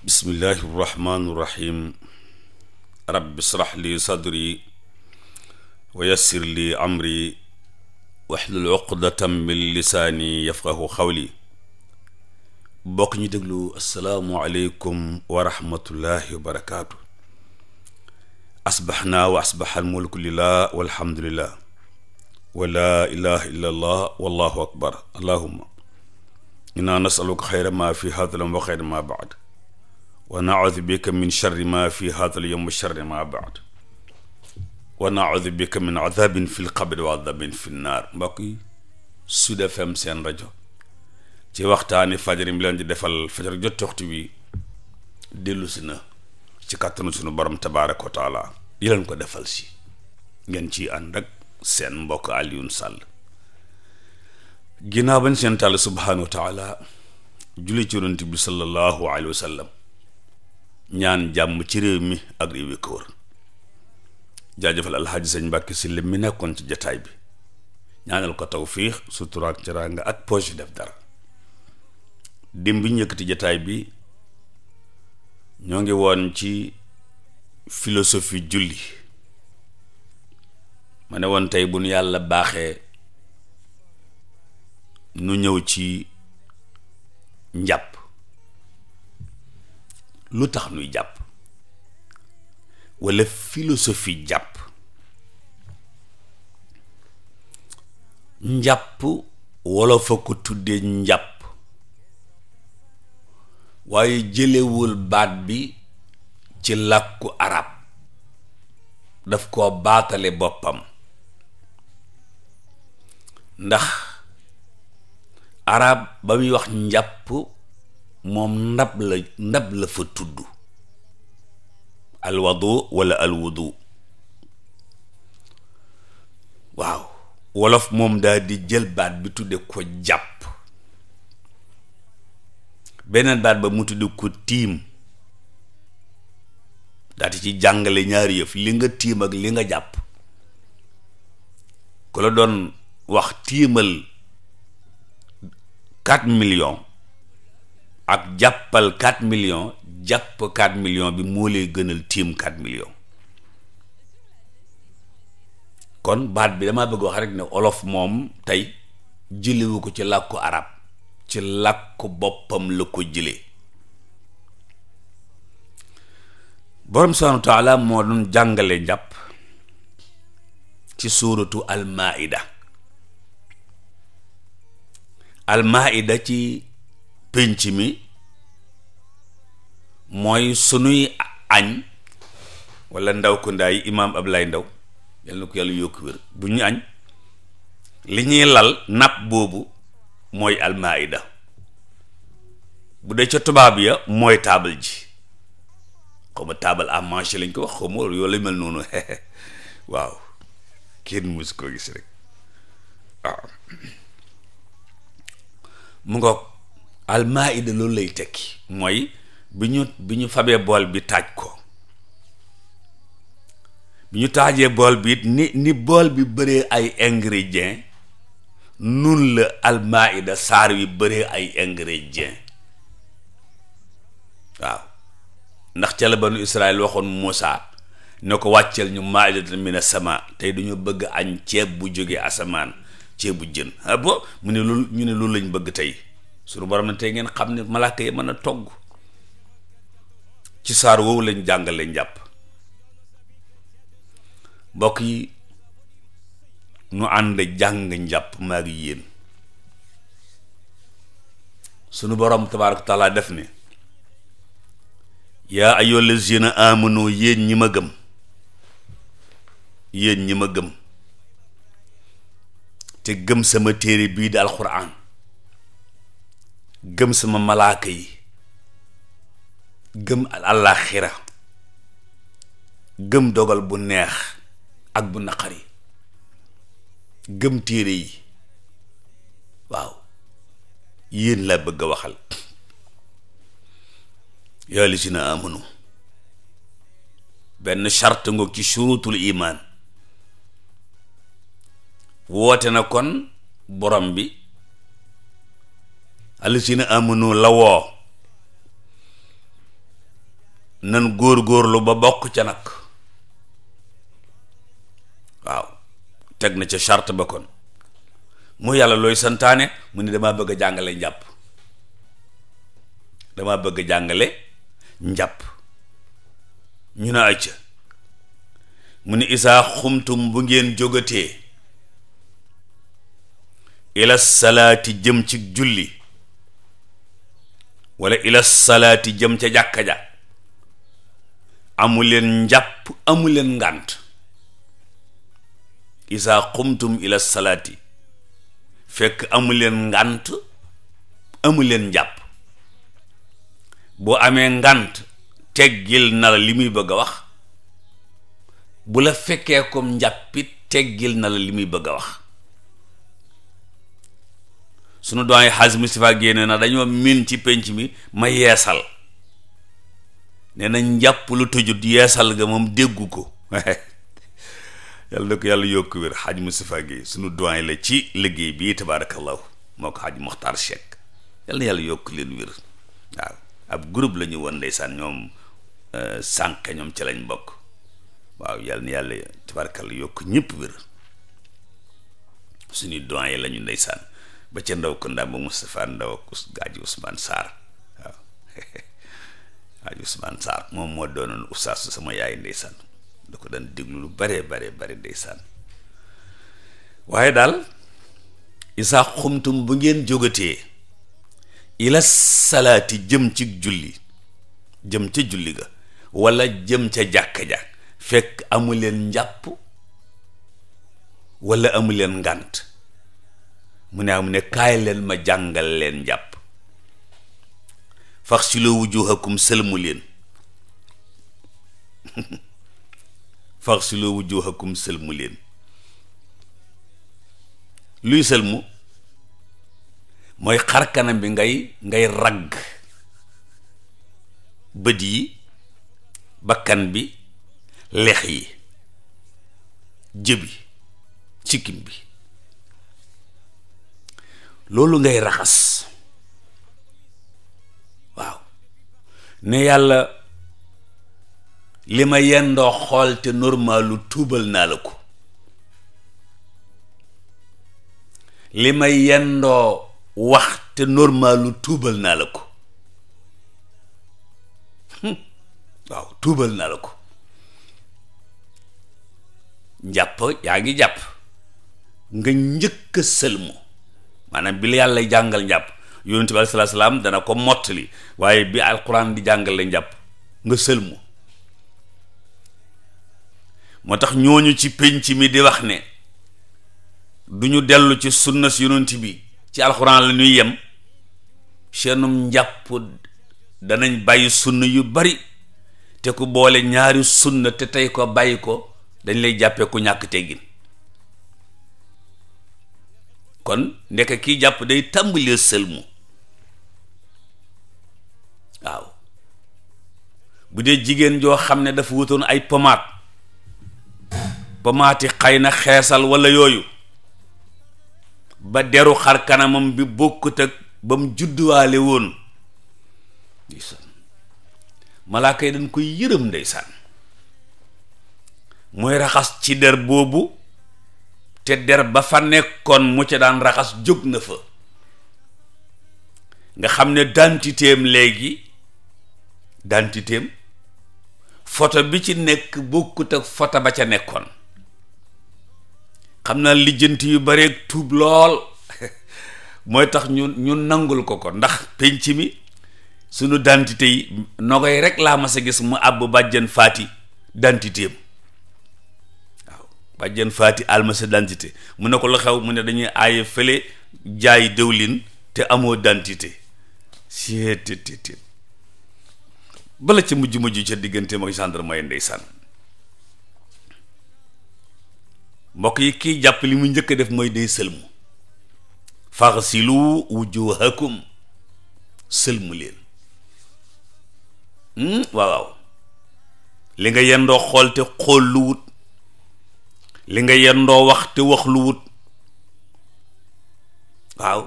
bismillahi irrahmaani irrahim rabbi srax li sadri wa yassir li amri waxlul uqdatan min lisaani yafqahu xawli bokk ñu déglu asalaamualeykum wa rahmatullahi wa barakaatu asbaxnaa wa asbaxa almulku lillah walhamdulillah wa laa ilaha illa allah wallahu akbar allahuma inna nasaluka xayra ma fi hadalam wa xayra ma baad wa naudu bika min charri ma fi haadal yowm wa charri ma baad wa naudu bika min adabin fi lqabri wa adabin fi nnaar mbokk yi Sud FM seen rajo ci waxtaani fajar mi leen di defal fajar jot waxtu wi dellu si na ci kàttanu sunu borom tabaaraka wa taala di leen ko defal si ngeen ci ànd ak seen mbokk Alioune Sall ginnaaw bañ seen tàll subhaanahu wa taala julli ci yonent bi sallallahu alayhi wa ñaan jàmm ci réew mi ak réew yi ko wër jaajëfal alxaaji sëñ Mbàkke Sylla mi nekkoon ci jataay bi ñaanal ko tawfiix sutura ak teraanga ak poche def dara dimb bi ñëkkati jataay bi ñoo ngi woon ci philosophie julli mu ne woon tey bu nu yàlla baaxee nu ñëw ci njàpp lu tax nuy jàpp walla philosophie jàpp njàpp wolof a ko tuddee njàpp waaye jëlewul baat bi ci làkku arab daf koo baatale boppam ndax arab ba muy wax njàpp moom ndab la ndab la fa tudd alwadu wala alwudu waaw wolof moom daal di jël baat bi tudde ko jàpp beneen baat ba mu tudde ko tiim daati ci jàngale ñaari yëf li nga tiim ak li nga jàpp ku la doon wax tiimal quatre millions ak jàppal 4 millions jàpp 4 millions bi moo lay gënal tiim 4 millions kon baat bi damaa bëgg wax rek olof moom tey jëlewu ko ci làkku arab ci làkku boppam la ko jëlee borom subhaanahu wa moo doon jàngale njàpp ci suuratu almaida almaida ci pénc mi mooy sunuy añ wala ndaw ko ndaay imaam Ablaye Ndaw yal na ko yàlla yokk wér bu ñu añ li ñuy lal napp boobu mooy almaayida bu dee ca tubaab ya mooy taabal ji xaw ma taabal à manger lañ ko wax xaw ma yow mel noonu waaw kenn mus koo gis rek mu ngoog almaida loolu lay tekki mooy bi ñu bi ñu fabee bool bi taaj ko bi ñu taajee bool bi ni ni bool bi bëree ay ingrédients nun la almaida saar wi bëree ay ingrédients waaw ndax ca la banu Israël waxoon Moussa ne ko wàcceel ñu maidatan mina sama tey dañoo bëgg añ ceeb bu jógee asamaan ceeb bu jën ah mu ne loolu ñu ne loolu lañ bëgg tey suñu borom na tey ngeen xam ne malaaka yi mën a togg ci saar woowu lañ jàngale lañ jàpp mbokk yi ñu ànd jàng njàpp maa ngi yéen sunu borom tabaaraka taala def ni yaa ayyuhal lazina amanu yéen ñi ma gëm yéen ñi ma gëm te gëm sama téere bii di alxuraan gëm sama malaaka yi gëm àllaaxira gëm dogal bu neex ak bu naqari gëm téere yi waaw yéen laa bëgg a waxal yaa lazina amanu benn charte ngoog ci surutul imaan woote na kon borom bi allasina amanu la woo nan góor-góorlu ba bokk ca nag waaw teg na ca charte ba kon mu yàlla looy santaane mu ne damaa bëgg a jàngale njàpp damaa bëgg a jàngale njàpp ñu ne acca mu ne isaa xumtum bu ngeen jógatee ila salaati jëm ci julli wala ila salaati jëm ca jàkka ja amuleen njàpp amuleen ngànt isa xumtum ila salaati fekk amuleen ngànt amuleen njàpp boo amee ngànt teggil na la li muy bëgg a wax bu la fekkee comme njàppit teggil na la li muy bëgg a wax sunu doyen Hadj Moustapha génne na dañoo min ci penc mi ma yeesal nee na njàpp lu tëjut yeesal ga moom déggu ko yàlla ko yàlla yokk wér Hadj Moustapha Guèye sunu doyen la ci liggéey bii tabaarakallahu moo ko Hadj Mokhtar Cheikh yàlla na yàlla yokk leen wér waaw ab groupe la ñu woon ndeysaan ñoom euh, sànq ñoom ci lañ bokk waaw yàlla na yàlla tabaarakallahu yokk ñëpp wér suñu doyen la ñu ndeysaan ba ca ndaw kunda ba Moustapha Ndaw ak gaaji Ousmane Sarr waaw gaaji Ousmane Sarr moom moo doonoon oustaz su sama yaay ndeysaan da ko daan déglu lu bare bare bare ndeysaan waaye daal isaa xumtum bu ngeen jógatee ila salaati jëm ci julli jëm ca julli ga wala jëm ca jàkka ja fekk amuleen njàpp wala amuleen ngànt mu ne am ne kaay leen ma jàngal leen njàpp fax si loo wujuhakum sëlmu leen fax si loo wujuhakum sëlmu leen luy sëlmu mooy xar kanam bi ngay ngay ragg bët yi bakkan bi lex yi jëbi sikkim bi loolu ngay raxas waaw ne yàlla li ma yendoo xool te normalu tuubal naa la ko li ma yendoo wax te normalu tuubal naa la ko hmm. waaw tuubal naa la ko njàpp yaa ngi jàpp nga njëkk a sëlmu maanaam bi la yàlla jàngal njàpp yonent bi aleyhi salaatu salaam dana ko mottali waaye bi alquran di jàngale njàpp nga sëlmu moo tax ñooñu ci pénc mi di wax ne du ñu dellu ci sunna si yonent bi ci alxuraan la ñuy yem seenum njàpp danañ bàyyi sunna yu bari te ku boole ñaari sunna te tey ko bàyyi ko dañ lay jàppee ku ñàkk teggin kon ndekk kiy jàpp day tàmbalee sëlmu waaw bu dee jigéen joo xam ne dafa wutoon ay pomaat pomaati xay na xeesal walla yooyu ba deru xar kanamam bi bokkut ak ba mu judduwaale woon ndeysaan malaaka yi dañ koy yërëm ndeysaan mooy raxas ci der boobu te der ba fa nekkoon mu ca daan raxas jóg na fa nga xam ne dentitéem léegi dentitéem foto bi ci nekk bokkut ak photo ba ca nekkoon xam naa lijjanti yu bareeg tuub lool mooy tax ñu ñu nangul ko ko ndax penc mi sunu dentité yi nogay rek laa mas a gis mu àbb bàjjan faati dentitéem bàjjen faati almasa d'identité mu ne ko la xew mu ne dañuy aaye fële jaay dëwlin te amoo d'identité seetetetet bala ca mujj mujj ca diggante mooy gendarme yi ndeysaan mbokk yi kii jàpp li mu njëkk def mooy day sëlmu faghsilu wujuhakum sëlmu leen waaw waaw li nga yendoo xool te xool lu wut li nga yendoo wax te wax lu wut waaw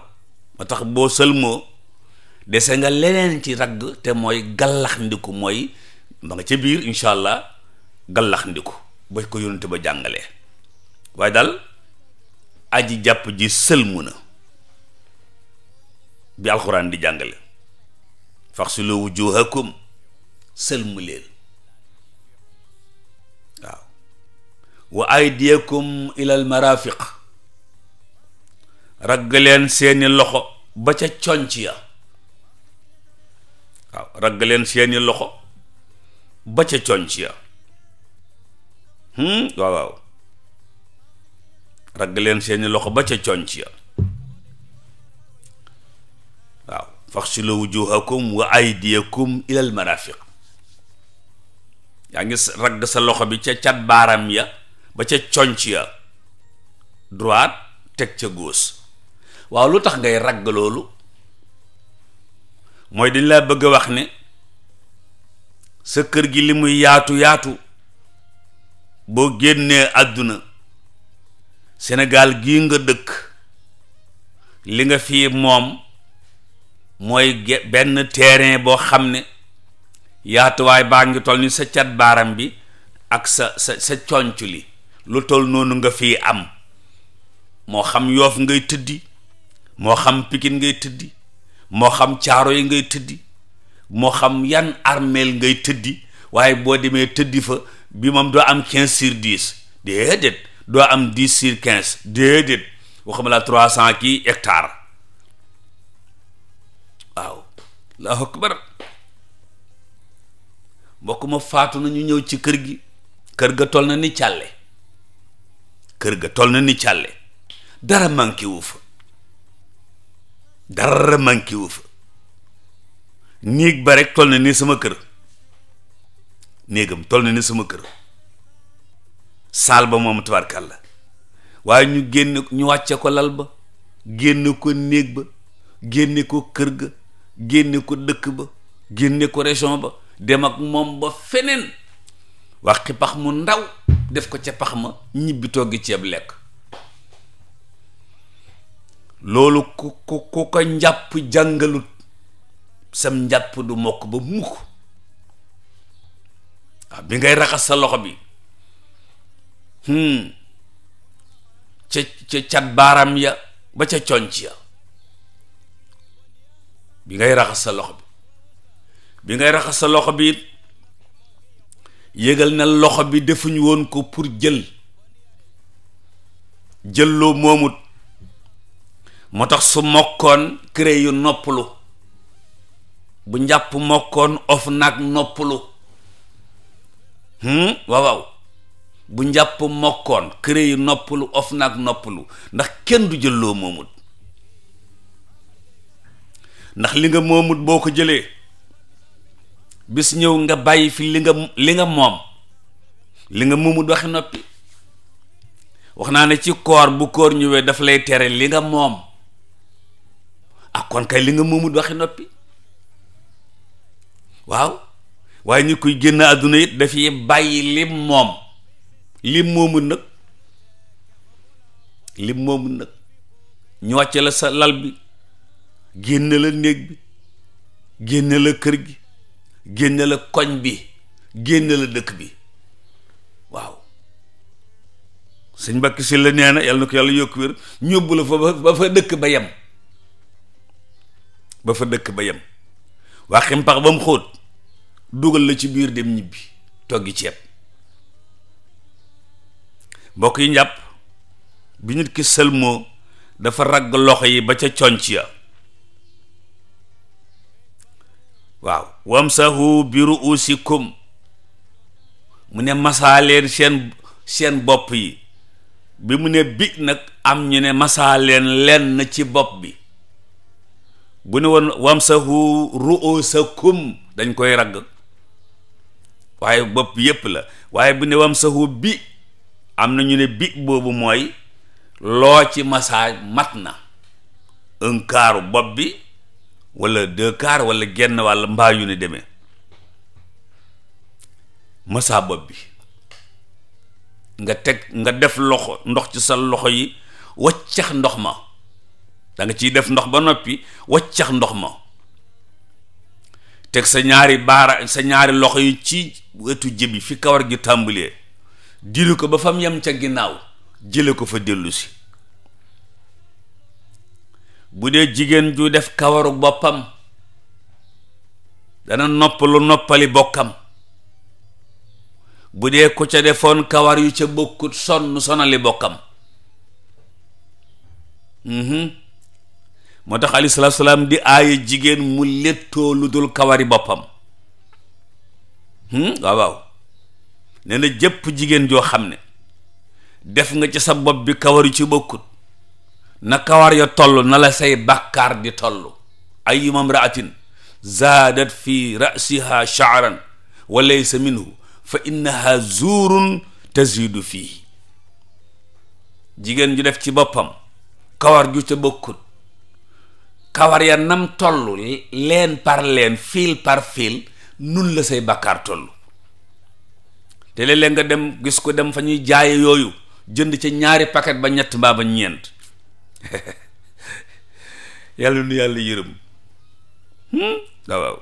ma tax boo sëlmoo dese nga leneen ci ragg te mooy gallax ndiku mooy ma nga ca biir incha allah gallax ba ko yónente ba jàngale waaye daal aji jàpp ji sëlmu na bi alxuraan di jàngale faxsilu wujuhakum sëlmu leen wa aydiyakum ilal marafiq ragg leen seeni loxo ba ca conc ya waaw ragg leen seeni loxo ba ca conc ya hmm? waaw waaw ragg leen seeni loxo ba ca conc ya waaw faxsilu wujuhakum wa aydiyakum ilal marafiq yaa ngi ragg sa loxo bi ca cat baaram ya ba ca conc ya droite teg ca gauche waaw lu tax ngay ragg loolu mooy dañ laa bëgg a wax ne sa kër gi li muy yaatu yaatu boo génnee àdduna Sénégal gi nga dëkk li nga fii moom mooy benn terrain boo xam ne yaatuwaay baa ngi toll ni sa cat baaram bi ak sa sa sa conc li lu toll noonu nga fi am moo xam yoof ngay tëddi moo xam pikin ngay tëddi moo xam caaro yi ngay tëddi moo xam yan armeel ngay tëddi waaye boo demee tëddi fa bi moom doo am quinze sur dix déedéet doo am dix sur quinze déedéet la trois cent kii hectare waaw allahu akbar mbokk ma faatu na ñëw ci kër gi kër ga toll na ni càlle kër ga toll na ni càlle dara manqué wu fa dara manqué wu néeg ba rek toll na ni sama kër néegam tol na ni sama kër saal ba moom tabarkal la waaye ñu génn ñu wàcce ko lal ba génn ko néeg ba génne ko kër ga génne ko dëkk ba génne ko région ba dem ak moom ba feneen wax pax mu ndaw def ko ca pax ma ñibbi toggi ceeb lekk loolu ku ku ku ko njàpp jàngalut sam njàpp du mokk ba mukk ah, bi ngay raxas sa loxo bi hmm. ca ca cat baaraam ya ba ca conc ya bi ngay raxas sa loxo bi bi ngay raxas sa loxo bi yëgal na loxo bi defuñu woon ko pour jël jël loo moomut moo tax su mokkoon cré yu noppalu bu njàpp mokkoon of nag noppalu hmm? waaw waaw bu njàpp mokkoon cré yu noppalu of nag noppalu ndax kenn du jël loo moomut ndax li nga moomut boo ko jëlee bis ñëw nga bàyyi fi li nga li nga moom li nga moomu doxi noppi wax naa ne ci koor bu koor ñëwee daf lay tere li nga moom ak ah, kon kay li nga moomu doxi noppi waaw waaye ñu koy génn àdduna it dafay bàyyi lim moom lim moomu nag lim moomu nag ñu wàcce la sa lal bi génn la néeg bi génn la kër gi génne la koñ bi génne la dëkk bi waaw sëñ Mbàkke sil nee na na ko yàlla yokk wér ñóbbu la fa ba fa dëkk ba yem ba fa dëkk ba yem waa ximpax ba mu xóot dugal la ci biir dem ñibbi toggi ceeb mbokk yi njàpp bi nit ki sëlmoo dafa ragg loxo yi ba ca conc ya waaw wamsahu bi ruusikum mu ne masaaleen seen seen bopp yi bi mu ne bi nag am ñu ne masaaleen lenn ci bopp bi bu ne woon wamsahu ruusakum dañ koy ragg waaye bopp yépp la waaye bu ne wamsahu bi am na ñu ne bi boobu mooy loo ci masaa mat na ënkaaru bopp bi walla deux quarts wala genn wàll mbaa yu ne demee masaa bopp bi nga teg nga def loxo ndox ci sa loxo yi waccax ndox ma danga ciy def ndox ba noppi waccax ndox ma teg sa ñaari baara sa ñaari loxo yi ci wetu jëbi fi kawar gi tàmbalee dilu ko ba fam yem ca ginnaaw jële ko fa dellu bu dee jigéen ju def kawaru boppam dana noppalu noppali bokkam bu dee ku ca defoon kawar yu ca bokkut sonn sonali bokkam mhm. moo tax aleyhi salaatu salaam di aaya jigéen mu léttoo lu dul kawari boppam hmm? waaw waaw nee na jëpp jigéen joo xam ne def nga ca sa bopp bi kawar yu ci bokkut na kawar ya toll na la say bàkkaar di toll ayuma mraatin zaadat fi rasiha shaaran wa laysa minhu fa innaha zuurun tazidu fii jigéen ju def ci boppam kawar ju ca bokkut kawar ya nam toll leen par leen fil par fil nun la say bàkkaar toll te léeg-léeg nga dem gis ko dem fa ñuy jaaye yooyu jënd ca ñaari paket ba ñett mbaa ba ñeent yàlla nu yàlla yërëm hmm? waaw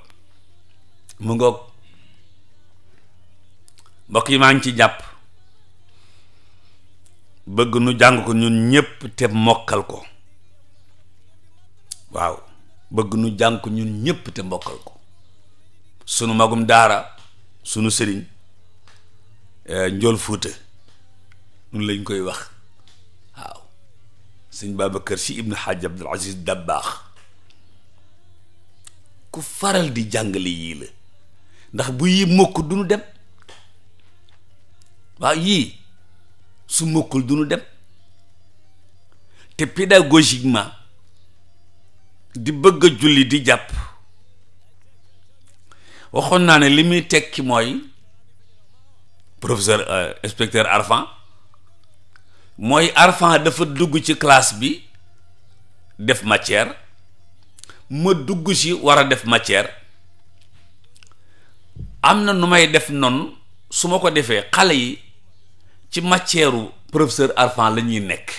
mu ngoog mbokk yi maa ngi ci jàpp bëgg nu jàng ko ñun ñépp te mokkal ko waaw bëgg nu jàng ko ñun ñépp te mokkal ko sunu magum daara sunu sëriñ eh, njool fuuta nun lañ koy wax sëñ Babacar si ibnu Xaaj Abdul Aziz Dabbaax ku faral di jàngale yii la ndax bu yii mokkul du nu dem waaw yii su mokkul du nu dem te pédagogiquement di bëgg a julli di jàpp waxoon naa ne li muy tekki mooy professeur euh, inspecteur Arfan mooy arfan dafa dugg ci classe bi def matière ma dugg ci war a def matière am na nu may def noonu su ma ko defee xale yi ci matière u professeur arfan la ñuy nekk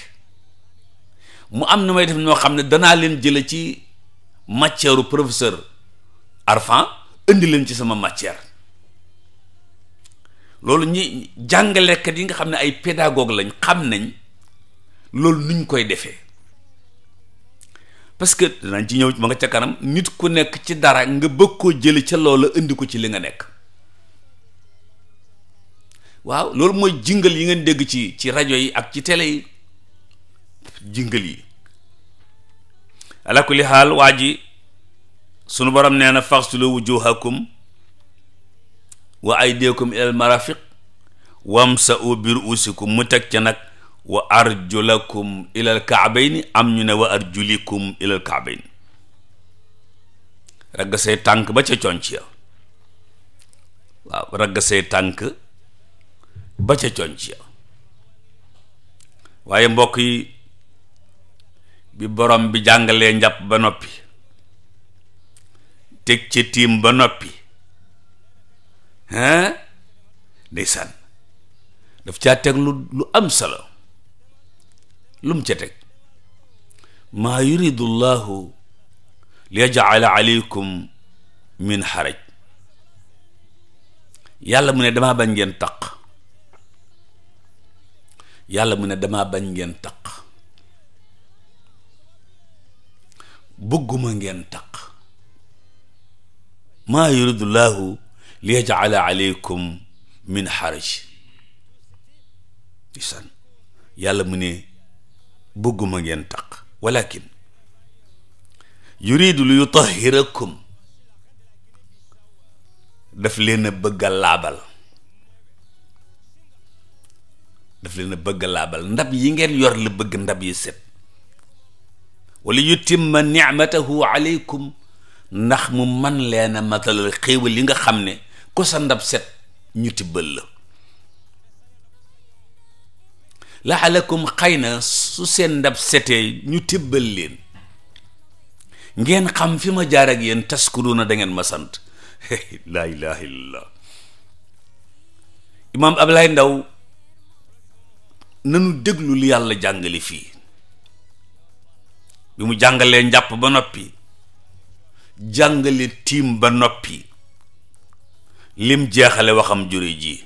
mu am nu may def ñoo xam ne danaa leen jële ci matière u professeur arfan indi leen ci sama matière loolu ñi jàngalekat yi nga xam ne ay pédagogue lañ xam nañ loolu nuñ koy defee parce que danañ ci ñëw ma nga ca kanam nit ku nekk ci dara nga bëgg koo jëli ca loola indi ko ci li nga nekk waaw loolu mooy jingal yi ngeen dégg ci ci rajo yi ak ci télé yi jingal yi ala xaal waa ji sunu borom nee na faxsulu wujuhakum wa aydikum ilal marafiq wamsa'u bi ru'usikum mu teg ca nag wa arjulakum ilal kaabayni am ñu ne wa arjulikum ilal kaabayni ragg say tànk ba ca conc ya waaw ragg say tànk ba ca conc ya waaye mbokk bi borom bi jàngalee njàpp ba noppi teg ca tiim ba noppi hein ndeysaan daf caa teg lu lu am solo lu mu ca teg maa yuridu llahu li yajala aleykum min xaraj yàlla mu ne damaa bañ ngeen taq yàlla mu ne damaa bañ ngeen taq bëgguma ngeen taq maa yuridu llahu li yajala aleykum min xaraj isan yàlla mu ne bëgguma ngeen taq walakin yuridu li yutahirakum daf leen a bëgg a laabal leen a bëgg yi ngeen yor la bëgg ndab yi set wala yutimma nicmatahu aleykum ndax mu man leen a matalal xéewal yi nga xam ne ku ndab set ñu tibbal la laxalakum xay na su seen ndab setee ñu tibbal leen ngeen xam fi ma jaar ak tas taskuruna da ngeen ma sant laa ilaha illallah imaam Ablaye Ndaw nanu déglu li yàlla jàngale fii bi mu jàngalee njàpp ba noppi jàngale tiim ba noppi lim jeexale waxam jure ji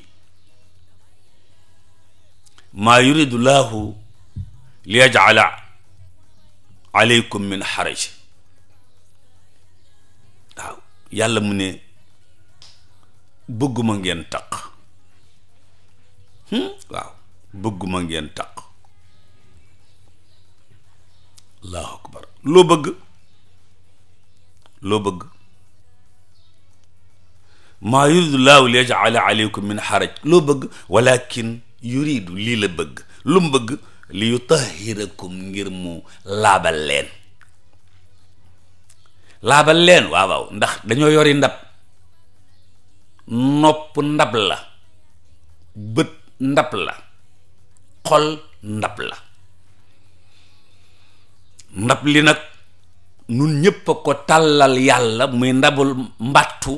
maa yuridu laahu li yajala aleykum min xaraj waaw yàlla mu ne bëgguma ngeen taq hmm? waaw bëgguma ngeen taq allahu loo bëgg loo bëgg maa yuridu laahu li yajala aleykum min xaraj loo bëgg walakin yuridu lii la bëgg lu mu bëgg li yutahirakum ngir mu laabal leen laabal leen waaw ndax dañoo yori ndab nopp ndab la bët ndab la xol ndab la ndab li nag nun ñépp a ko tàllal yàlla muy ndabul mbàttu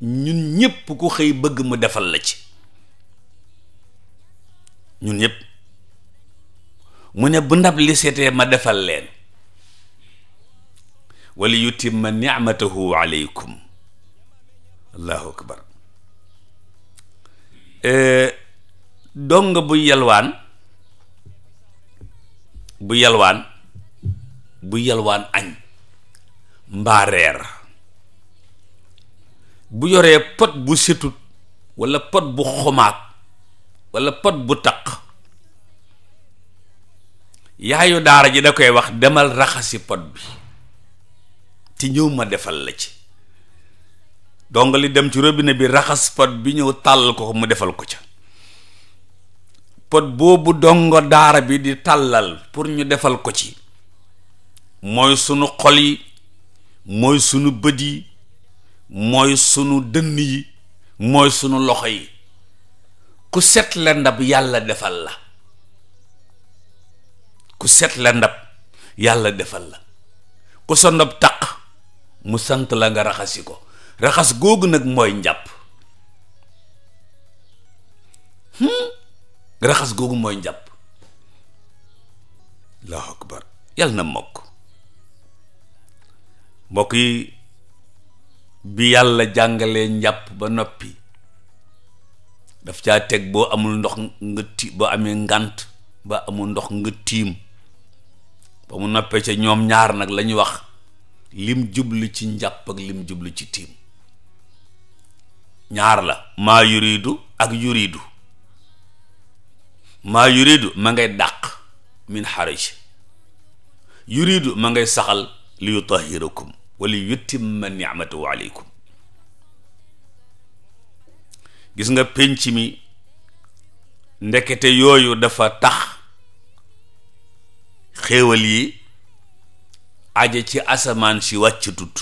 ñun ñëpp ku xëy bëgg mu defal la ci ñun ñëpp mu ne bu ndab li seetee ma defal leen wala yutimma ni'matahu aleykum allahu akbar e, dong bu yalwaan bu yalwaan bu yalwaan añ mbaa bu yoree pot bu setut wala pot bu xomaag wala pot bu taq yaayu daara ji da koy wax demal raxasi pot bi te ñëw ma defal la ci donga li dem ci robine bi raxas pot bi ñëw tàll ko mu defal ko ca pot boobu dongo daara bi di tàllal pour ñu defal ko ci mooy sunu xol yi mooy sunu bët yi mooy sunu dënn yi mooy sunu loxo yi ku set la ndab yàlla defal la ku set la ndab yàlla defal la ku sa ndab mu sant la nga raxasi ko raxas googu nag mooy njàpp hmm? raxas googu mooy njàpp allahu akbar yàlla na mokk mbokk bi yàlla jàngalee njàpp ba noppi daf caa teg boo amul ndox nga amee ngànt ba amul ndox nga tiim ba mu noppee ca ñoom ñaar nag la ñu wax lim jublu ci njàpp ak lim jublu ci tiim ñaar la maa yuriidu ak yuridu maa yuridu ma ngay dàq min xaraj yuridu ma ngay saxal li yutahirakum wala yutimma ni'matahu aleykum gis nga pénc mi ndekete yooyu dafa tax xéewal yi aja ci asamaan si wàccetut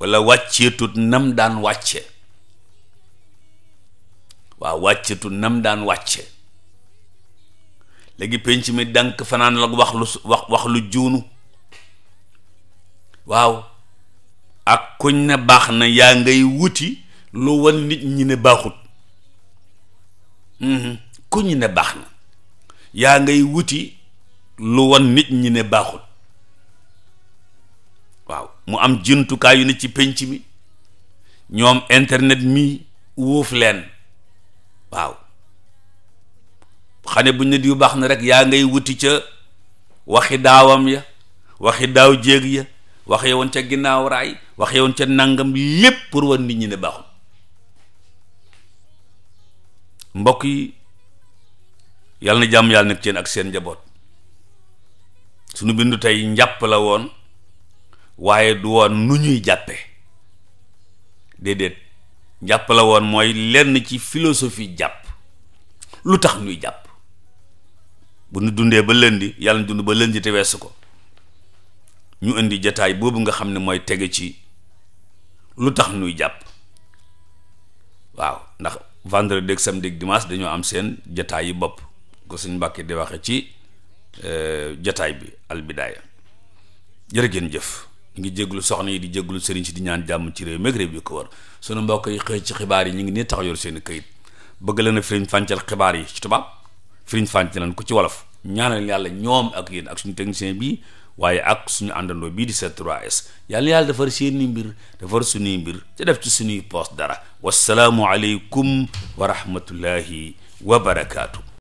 wala wàccetut nam daan wàcce waaw wàccetut nam daan wàcce léegi pénc mi dank fanaan la wax lu wax wax lu juunu waaw ak kuñ ne baax na yaa ngay wuti lu wan nit ñi ne baaxut mhm, kuñ ne baax na yaa ngay wuti lu won nit ñi ne baaxut waaw mu am jëntukaay yu ne ci penc mi ñoom internet mi wuuf leen waaw xane bu nit yu baax na rek yaa ngay wuti ca waxi daawam ya waxi daaw jéeg ya waxee woon ca ginnaaw raay waxee woon ca nangam lépp pour wan nit ñi ne baaxul mbokk yi yàlla na jàmm yàlla nekk seen ak seen njaboot sunu bindu tey njàpp la woon waaye du woon nu ñuy jàppe déedéet njàpp la woon mooy lenn ci philosophie jàpp lu tax ñuy jàpp bu ñu dundee ba lëndi yàlla na dund ba lëndi te weesu ko ñu indi jataay boobu nga xam ne mooy tege ci lu tax nuy jàpp waaw ndax vendredi ak samedi ak dimanche dañoo am seen jataay yi bopp ko suñ mbàkke di waxe ci euh, jataay bi albidaaya jërë ngeen jëf ngi jéglu soxna yi di jéglu sëriñ si di ñaan jàmm ci réew meg réew bi ko war sunu mbokk yi ci xibaar yi ñu ngi nii tax yor seen këyit bëgg leen a firiñ fàncal xibaar yi ci tubaab firiñ fàncalan ko ci wolof ñaanal yàlla ñoom ak yéen ak suñu technicien bi waaye ak suñu àndandoo bii di C3S yàlla yàlla defar ni mbir defar suñuy mbir te def ci suñuy poos dara wasalaamu aleykum wa rahmatullahi wa barakaatu.